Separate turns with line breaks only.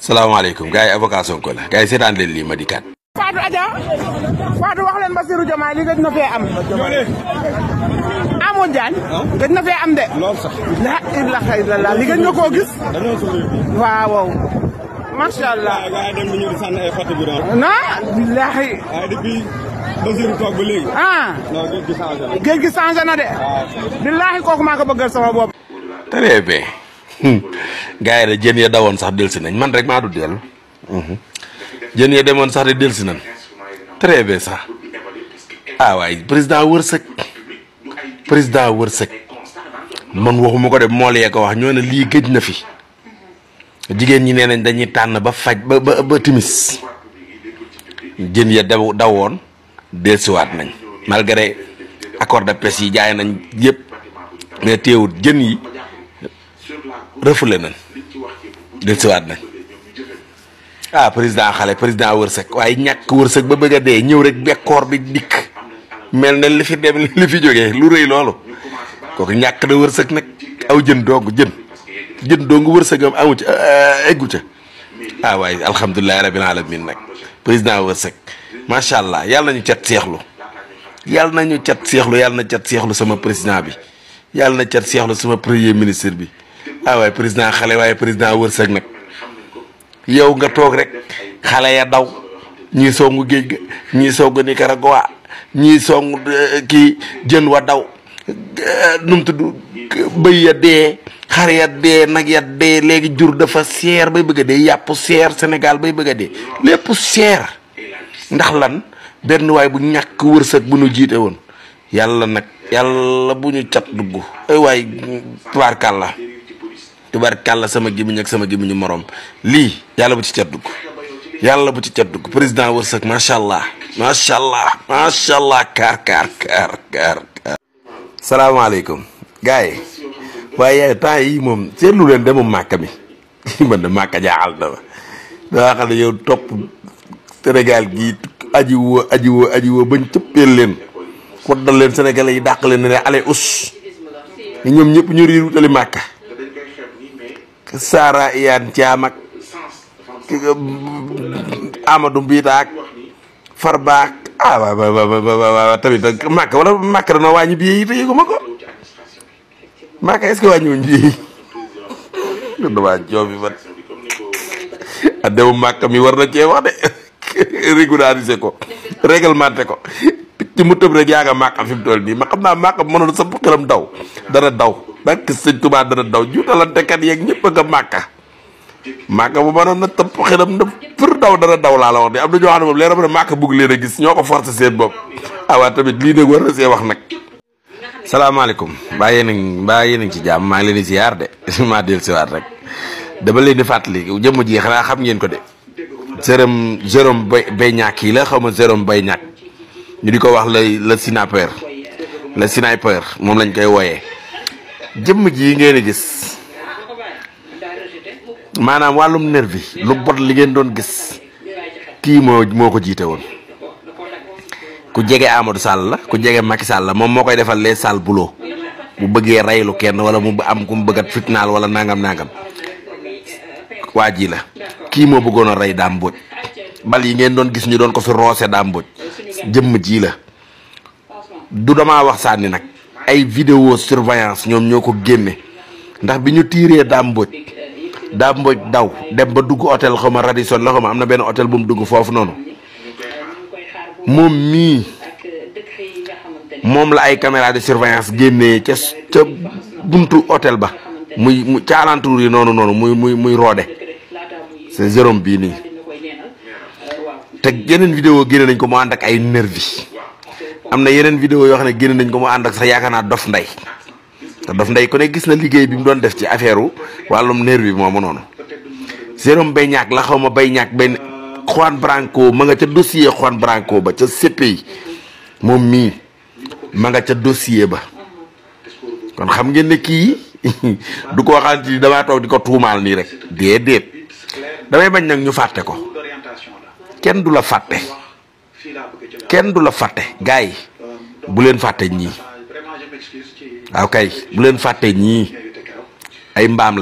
salam guys yi avocat Sonko la gars yi seetaan leen ma di kat. Adja wax am. na am de. sax. la ilaha illallah li allah dem di ay ah no, gi de. Ah. sama très Hmm. gaay da jeen ya dawon sax delsi nañ man rek ma du del hmm jeen ya demone sax delsi nañ très bien sax ah way président wursak président wursak man waxuma ko de molé ko wax ñoo na li gejj na fi jigen ñi nenañ dañuy tan ba faj ba ba timis jeen ya dawon delsi wat nañ malgré accord de paix yi jaay nañ yépp mais téewut jeen yi refoulé nañ dellusiwaat nañ ah président xale président wërsëg waaye ñàkk wërsëg ba bëgg a dee ñëw rek bekkoor bi dikk mel na li fi dem li fi jógee lu rëy loolu kooku ñàkk na wërsëg nag aw jën dong jën jën dong wërsëgam amu ci eh, eggu ca ah waaye alhamdulilah rabbil alamin nag président wërsëg macha allah yàlla nañu cat seexlu yàlla nañu cat seexlu yàlla na cat seexlu sama président bi yàlla na cat seexlu sama premier ministre bi. ah prizna khale xale prizna président wërsëg nag yow nga toog rek ya daw ñii songu géej ga ñii songu Nicaragua ñii songu eh, ki jën wa daw eh, num tudd bëy ya de xar ya de nag ya de legi jur dafa seer bay bëgg a dee yàpp seer Sénégal bay bëgg a dee lépp seer ndax lan ben waay bu ñàkk wërsëg bu nu jiite woon yàlla bu tubarkalla sama gimiñ ak sama gimiñu morom li, yalla bu ci cat dugg yalla bu ci cat dugg président wërsëg macha allah macha allah macha allah kar kaar kaar kaar kaar salaamaaleykum gars yi waaye temps yi moom seetlu leen demu màkk mi man makka jaal jaaxal na ma yow top senegal gi aji wo aji wo aji wo bañ cëppeel leen waddal yi len ne ale us ñom ñep ñu riru tali makka Saara Iyaan Caam ak Amadou Mbiita ak Farba ah waaw waaw tamit màkk wala màkk danoo wàññi billet yi te yëguma ko màkk est-ce que wàññiwuñ billet yi. damaa joobi man ah dewu màkk mi war na cee de régulariser ko réglementé ko ci mu tëb rek yaa nga màkk fi mu toll nii ma xam naa màkk mënoon sa xelam daw dana daw. barke sëñ Tuubaa dana daw juutalantekat yeeg ñëpp a nga màkka màkka bu mënoon na tëpp xelam na pour daw dana daw laa la wax de am na ñoo xam ne moom leena ma ne màkka bugg leen a gis ñoo ko forcé seen bopp awaa ah, tamit lii nag war na see wax nag salaamaaleykum mbaa yéen a mbaa yéen a ngi ci jàmm maa ngi leen di ziar de maa del siwaat rek dama leen di fàttali jëmm ji xanaa xam ngeen ko de Jérôme Jérôme Bay Bayñaak yi la xaw ma Jérôme Bayñaak ñu di ko wax la la sniper la sniper moom lañ koy wooyee jëmm ji ngeen gis maanaam wàllum nervi lu bot li ngeen doon gis kii moo moo ko jiite woon ku jege Amadou Sall la ku jege Macky Sall la moom moo koy defal lee sale boulot mu bëggee reylu kenn wala mu am ku mu bëggat fitnaal wala nangam nangam waa ji la kii moo bëggoon a rey Dame Mbodj bal yi ngeen doon gis ñu doon ko fi roose Dame Mbodj jëmm jii la du damaa wax sànni nag. ay vidéo surveillance ñoom ñoo ko génne ndax bi ñu tiiree Dame Mbodj Dame Mbodj daw dem ba dugg hôtel xaw ma la xaw am na benn hôtel mu dugg foofu noonu moom mii moom la ay caméra de surveillance génnee ba muy mu ca noonu noonu muy muy muy roode c'est Jérôme bii nii te yeneen video génne nañ ko mu ànd ak ay nervi am na video vidéo yoo xam ne nañ ko mu and ak sax yaakaar naa dof nday te dof nday ku ne gis na liggey bi mu don def ci affaireu walum nerf bi moomu non Jérôme Beignac la xawma ma Beignac ben Juan Branco ma nga ca dossier Juan Branco ba ca CPI mom mi ma nga ca dossier ba kon xam ngeen ne ki du ko waxaan dama tok diko di ni rek dedet damay bañ nak ñu faté ko kenn du la kenn du la fàtte gars yi bu leen fàtte ñii waaw bu leen fàtte ñii ay mbaam la